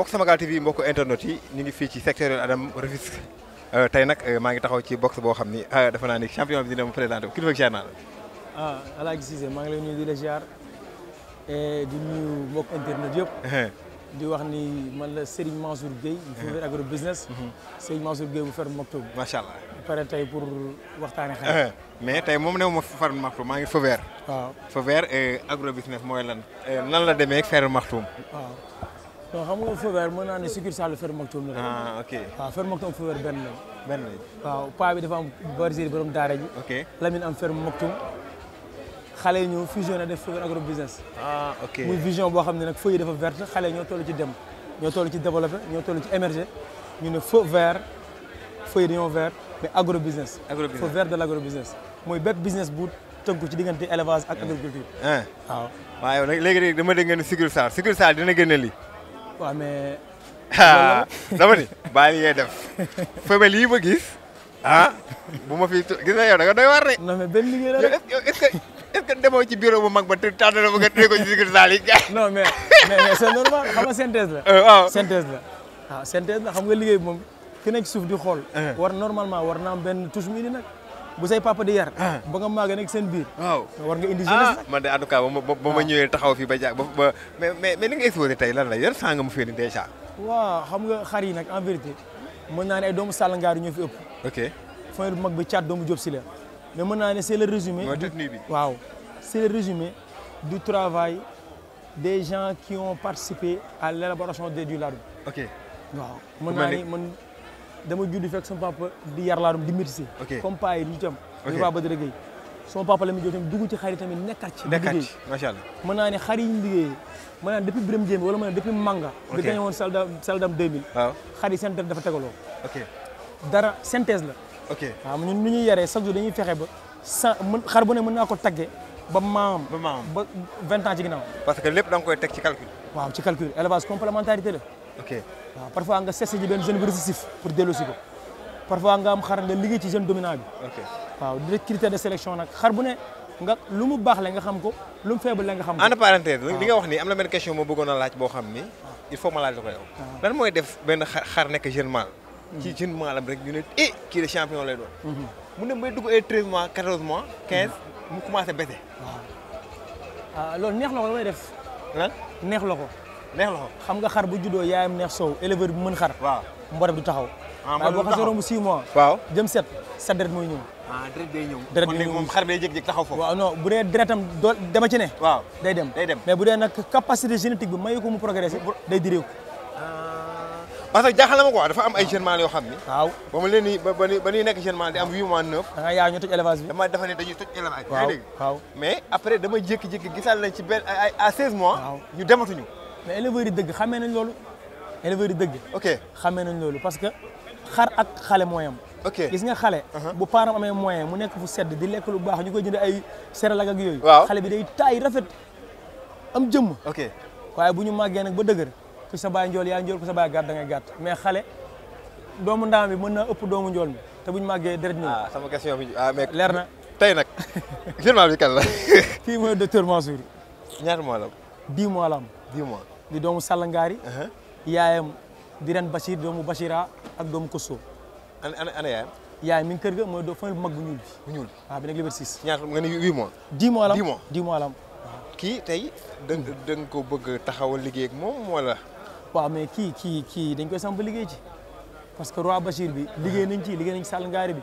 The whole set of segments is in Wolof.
mbokk Samagal TV mbokk internet yi ñu ngi fii ci secteur Adam Rufisque euh, tey nag euh, maa ngi taxaw ci bokk boo xam ni euh, dafa naa ni champion bi dina ma présenté ko kilifa ziar ah, maa ngi lay nuyu di la ziar di nuyu yëpp. di wax ni man la Serigne Mansour Gueye. bu Foumbir agro business. Mhm. Serigne Mansour Gueye bu Ferme Maktoum. macha allah pare tey pour waxtaanee xel. mais tey moom new ma Ferme Maktoum maa ngi Feu Vert. waaw Feu Vert agro business mooy lan. lan la demee ak Ferme Maktoum. non xam nga feu vert naa ne succursale Fer Maktoum la. ah ok waaw Fer Maktoum feu vert benn benn la waaw paa dafa am Barzil borom daara ji. la Lamine am Fer Maktoum. xale yi ñëw fusionné def feu vert agro business. Ah, muy vision boo xam ne nag feu yi dafa verte xale ñoo toll ci dem. ñoo toll ci développé ñoo toll ci émergé ñu ne feu vert feu yi dañoo business. agro business de l' mooy bépp business bu tënku ci diggante élevage ak eh. agriculture. Eh. waaw waaw léegi-léegi dama dégg ngeen succursale succursale dina génne lii. waa mais. Ah, dama ni baal ngay dem femelle yi ma gis ah bu ma fi gis na yo da doy war de. non mais benn liggéey la rek est ce que est ci bureau bu mag ba te tànn na ba nga téye ko ci secrétaire salle yi. non mais normal xam nga la. Euh, waaw synthèse la waaw ah, synthèse la xam nga liggéey bi moom ki nekk ci suuf di xool. Euh. war normalement war na benn touche mu indi nag. bu say papa di yar. ba nga màgg nag seen biir. waaw war nga indi jeunesse ah. nag. man de en tout cas ba ma ba ma ah. ñëwee taxaw fii ba jaag ba ba mais mais mais li nga exposé tey lan la yar saa nga mu fii nii dèjà. waaw xam nga xar nag en vérité mën naa ne ay doomu sàllangaar yi ñoo fi ëpp. ok fooy mag bi caat doomu job si la mais mën naa ne c' le résumé. mooy technique bi waaw c' est le résumé du travail des gens qui ont participé à l' élaboration des du lardu. ok waaw dama juddi fekk sama papa di yar laa doon di métisé. ok comme paa yi ñu tam. ok dugg ci xar tamit nekkaat ci. nekkaat ci macha allah mën naa ne xar yi ñu liggéeyee naa ne depuis Birame Diémé wala mën naa depuis Manga. ok nga gañe woon Saldam Saldam 2000. waaw xar yi seen def dafa la. ok waaw ñun nu ñuy yaree chaque jour dañuy fexe ba sa mën xar bu ne mën naa ko tagge ba maam. ba maam ba vingt ans ci ginnaaw. parce que lép da nga koy teg ci calcul. waaw ci calcul élevage complémentarité la ok waaw ah, parfois nga seet ji benn jeune bu résistif pour delloosi ko parfois nga am xar nga liggéey ci jeune dominant bi. ok waaw di critère de sélection nag xar bu ne nga lu mu baax la nga xam ko lu mu faible la nga xam ko. entre parenthèse li nga wax ni am na benn question moo bëggoon a laaj boo xam ni il faut ma laaj la ah. mooy def benn xar nekk jeune mâle. Hmm. ci jeune mâle am rek ñu ne eh kii de champion lay doon. Hmm. mu ne may dugg ay 13 mois 14 mois 15 hmm. mu commencé bete. waaw ah, neex na la may la ko. neex loxo xam nga xar bu juddoo yaayam neex soow éleveur bi mën xar. waaw mboolem du taxaw. taxaw ah, waaye boo xasee romb 6 mois. waaw jëm set sa deret mooy ñëw. ah deret day ñëw. deret day ñëw moom xar day jékki-jékki taxaw foofu. waaw non bu dee deretam doo ne. waaw day dem day dem mais bu dee nag capacité génétique bi mayu ko mu progressé day direeku. Ah. parce que jaaxal na ma dafa am ay yoo xam ni. waaw ba ma leen ba nekk jeune mâle di am 8 mois 9. Ah, da après dama jékki-jékki gisal nañ ci benn à 16 dematuñu. mais éleveurs yi dëgg xamee nañ loolu éleveurs yi dëgg. ok xamee nañ loolu parce que xar ak xale mooy am. ok gis nga xale. Uh-huh. bu parent amee moyen mu nekk fu sedd di lekk lu baax ñu koy jënd ay céréales ak yooyu. waaw xale bi day taay rafet am jëmm. ok waaye bu ñu màggee nag ba dëgër ku sa baay njool yaa njool ku sa baay gàtt da ngay gàtt mais xale doomu ndaam bi mën na ëpp doomu njool mi te bu ñu màggee deret ñëw. Ah, sama question bi ah leer na tey nag. firmaal bi kan la. kii mooy docteur Mansour. ñaata mois la am. dix mois la dis-moi di doomu Sàllangaari. Uh-huh. yaayam di ren Bachir doomu Bachira ak doomu Kosso. ana ana ana yaayam. yaay mi kër ga mooy doo fan bu mag bu ñuul bi. bu ñuul bi waaw bi la am dix mois la kii tey da da nga ko bëgg taxawal liggéey ak moom wala. waaw mais kii kii kii dañ koy samp liggéey ci parce que roi Bachir bi liggéey nañ ci liggéey nañ ci Sàllangaari bi.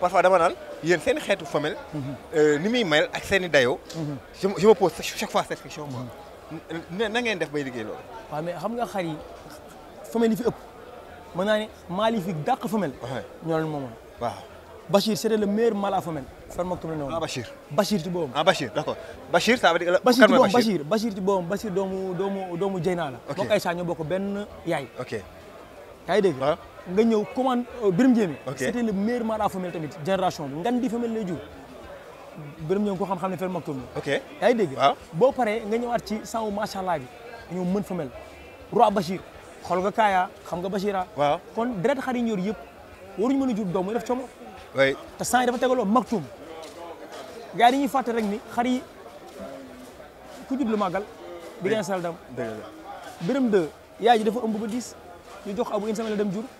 parfois dama naan yéen seen xeetu femelle. euh ni muy mel ak seen dayo je me pose chaque fois cette question moi na ngeen def bay liggéey lool wa mais xam nga xari femelle fi ëpp man na ni mali fi dakk femelle. ñol mom wa bashir c'est le meilleur mala femelle. fan moom tamit ne woon ah Bachir. Bachir ci bom ah bashir d'accord bashir ça veut dire bashir Bachir ci boobu Bachir Bachir ci bom bashir doomu doomu doomu Jeyna la. bokay sa ñu bokk ben yaay. ok yaa deug nga ñëw commande euh, Birame Ndiémé. ok c'était le meilleur mara femelle tamit génération bi ngan di femelle lay jur. Birame Ndiémé ko xam-xam ne fenn mag toll. ok dégg. waaw boo paree nga ñëwaat ci sangu macha allah bi dañoo mën femelle. Roi Bachir xool nga Kaaya xam nga Bachira. waaw kon deret xar yi ñor yëpp waruñu mën a jur doom muy def coomo. oui te sang yi dafa tegaloo magtum gars yi dañuy fàtte rek ni xar yi ku jublu màggal. di ngeen sal dam dëgg yaay ji dafa ëmb ba 10 ñu jox abu une semaine la dem jur.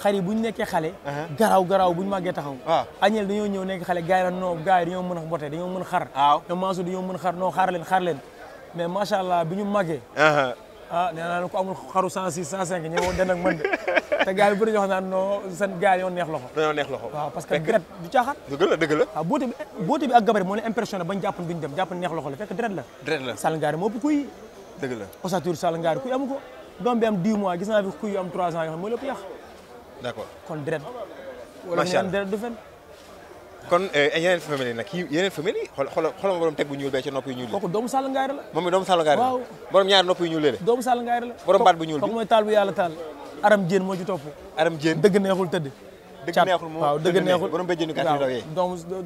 xar yi bu ñu nekkee xale garaaw garaaw bu taxaw waaw añel nekk xale gars yi naan non gars yi dañoo mën a mbote dañoo mën xar waaw ñoom maasu dañoo mën allah bi ñu ah, neex loxo dañoo neex loxo waaw parce que deret du caaxaan dëgg la ah, bi ak gabar moo leen impressionné bañ jàpp duñ dem la fekk deret la deret la moo ëpp kuy dëgg la ossature sàlngaari kuy amu doom bi am 10 mois gis naa fi kuy am 3 ans yoo xam d' accord kon deret. macha allah wala deret du fen. kon eh, eh, yeneen famille nag yi yeneen famille yi xool xoolal xoolal ma borom teg bu ñuul bee ca nopp yu ñuul yi. kooku doomu Sall Ngaye la. moom mi doomu Sall borom ñaari bu ñuul bi kooku mooy taal bu yàlla taal. Aram Diène moo ci dëgg neexul tëdd. dëgg neexul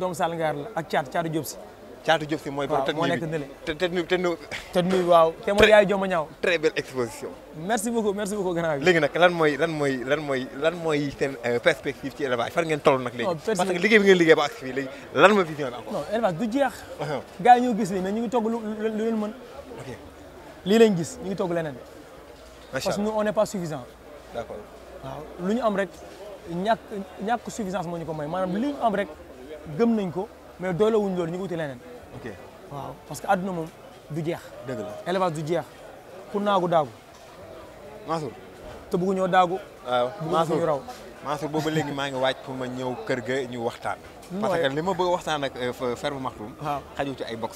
moom si Caatu Diop si mooy. waaw moo nekk nële te mooy yaay joma ñaaw. très belle exposition. merci beaucoup merci beaucoup grand bi. lan mooy lan mooy lan mooy lan mooy seen euh, perspective ci élevage ngeen toll nag léegi. parce que liggéey bi ngeen liggéey ba ak lan mooy vision bi encore. non du jeex. Uh-huh. gars yi ñoo gis lii mais ñu ngi togg lu lu leen mën. ok lii gis ñu ngi togg leneen. macha parce que nous on n'est pas suffisant. lu ñu am rek ñàkk ñàkk suffisance moo ñu ko may maanaam li ñu am rek gëm nañ ko mais doole wuñ loolu ñu ngi wuti leneen ok waaw parce que àdduna moom du jeex. dëgg la élevage du jeex ku naagu daagu. Mansour. te bëggu ñëw daagu. waaw Mansour bëggu ñu boobu léegi maa ngi waaj pour ma ñëw kër ga ñu waxtaan. parce que li ma bëgg waxtaan ak euh, Ferme Makhtoum. waaw xaju ci ay box.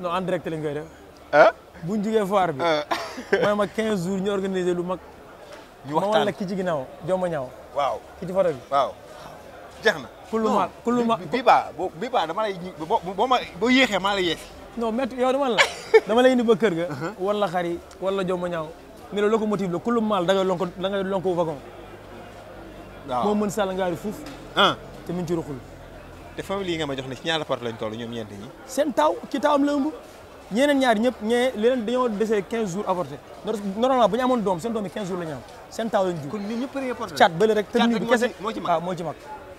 non en direct lañ koy def. ah. bu ñu jugee foire bi. Ah. mooy ma 15 jours ñu organiser lu mag. ñu waxtaan ma wala ki ci ginnaaw jomba ñaaw. waaw ki ci foto bi waaw jeex na. kullu ma kullu ma bi ba bi ba dama lay bo ma bo yéexee maa lay yées non mais yow dama la dama lay indi ba kër ga uh-huh. wala xari wala jomma ñaaw ne la locomotive la kullu maal da ngay lonko da ngay lonko wagon waaw moo mën sàll ngaari fuuf ah te min ci ruxul te famille yi nga ma jox ne ci ñaar rapport lañ toll ñoom ñeent ñi seen taw ci tawam la ëmb ñeneen ñaar ñëpp ñee leneen dañoo desee 15 jours avorté normalement bu ñu amoon doom seen doom yi 15 jours la ñu am seen taw lañ jur kon ñun ñëpp premier porte cat bële rek te bi kese moo ci ah, ci mag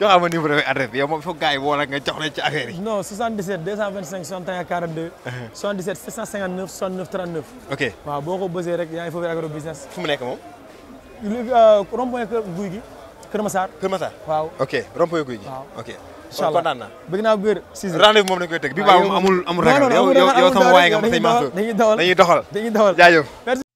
joxaama numéro bi adresse bi yow moom foog gars yi woo la nga jox leen ci affaire yi. non 77 225 61 42. 77 759 69 39. ok waaw boo ko bësee rek yaa ngi foofu agro business. fu mu nekk moom. Euh, rond-point guy Kër Massar. Kër Massar ok rond guy gi. ok. incha allah kontaan naa. bëgg naa wér si. moom lañ koy teg bi baax ah, amul amul ragal yow yow sama nga ma sëñ Mansour dañuy doxal dañuy doxal